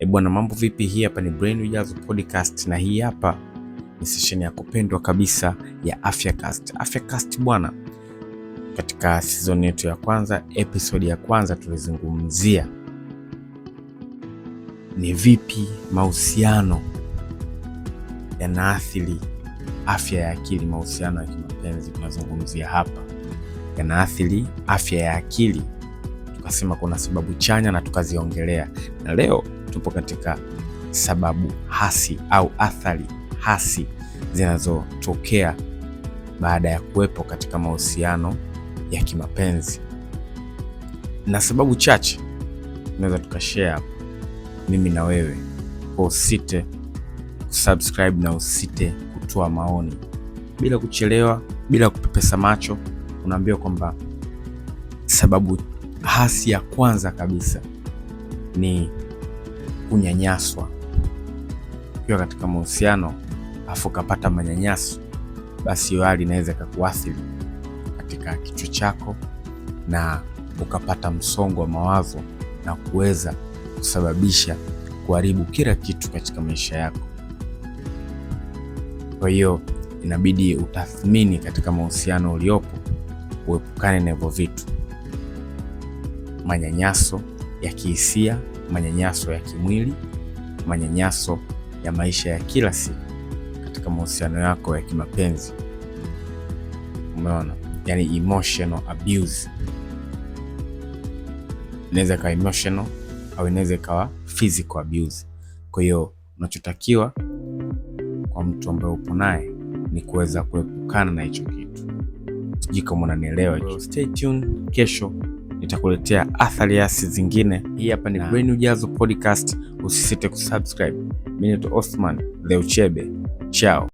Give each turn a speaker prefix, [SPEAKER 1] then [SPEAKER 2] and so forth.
[SPEAKER 1] E bwana, mambo vipi? Hii hapa ni Brain Ujazo Podcast na hii hapa ni session ya kupendwa kabisa ya Afyacast. Afyacast bwana, katika season yetu ya kwanza, episode ya kwanza tulizungumzia ni vipi mahusiano yanaathiri afya ya akili. Mahusiano ya kimapenzi tunazungumzia hapa yanaathiri afya ya akili asema kuna sababu chanya na tukaziongelea, na leo tupo katika sababu hasi au athari hasi zinazotokea baada ya kuwepo katika mahusiano ya kimapenzi, na sababu chache tunaweza tukashare hapo mimi na wewe, kwa usite kusubscribe na usite kutoa maoni bila kuchelewa, bila kupepesa macho. Unaambiwa kwamba sababu hasi ya kwanza kabisa ni kunyanyaswa. Ukiwa katika mahusiano afu ukapata manyanyaso, basi hiyo hali inaweza ikakuathiri katika kichwa chako na ukapata msongo wa mawazo na kuweza kusababisha kuharibu kila kitu katika maisha yako. Kwa hiyo inabidi utathmini katika mahusiano uliopo, uepukane na hivyo vitu manyanyaso ya kihisia, manyanyaso ya kimwili, manyanyaso ya maisha ya kila siku katika mahusiano yako ya kimapenzi. Umeona, yani emotional abuse inaweza ikawa emotional au inaweza ikawa physical abuse. Kwa hiyo unachotakiwa kwa mtu ambaye upo naye ni kuweza kuepukana na hicho kitu. Sijui kama unanielewa hicho.
[SPEAKER 2] Stay tuned, kesho nitakuletea athari asi zingine. Hii hapa ni Brain Ujazo Podcast, usisite kusubscribe. Mimi ni Osman The Uchebe, chao.